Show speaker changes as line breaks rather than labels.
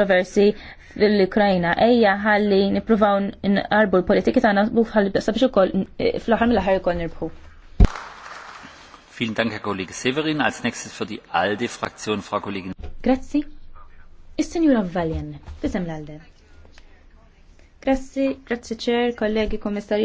kontroversi fil-Ukrajna. Ejja ħalli nipruvaw n-arbu l-politiki tagħna u ħalli sabiex koll eh, fl-aħħar mill u koll nirbħu.
Vielen Dank, Herr Kollege Severin. Als nächstes für die ALDE-Fraktion, Frau Kollegin.
Grazie. Is-Sinjura Valjen, bisem l-ALDE. Grazzi, grazzi ċer, kollegi, kommissarju.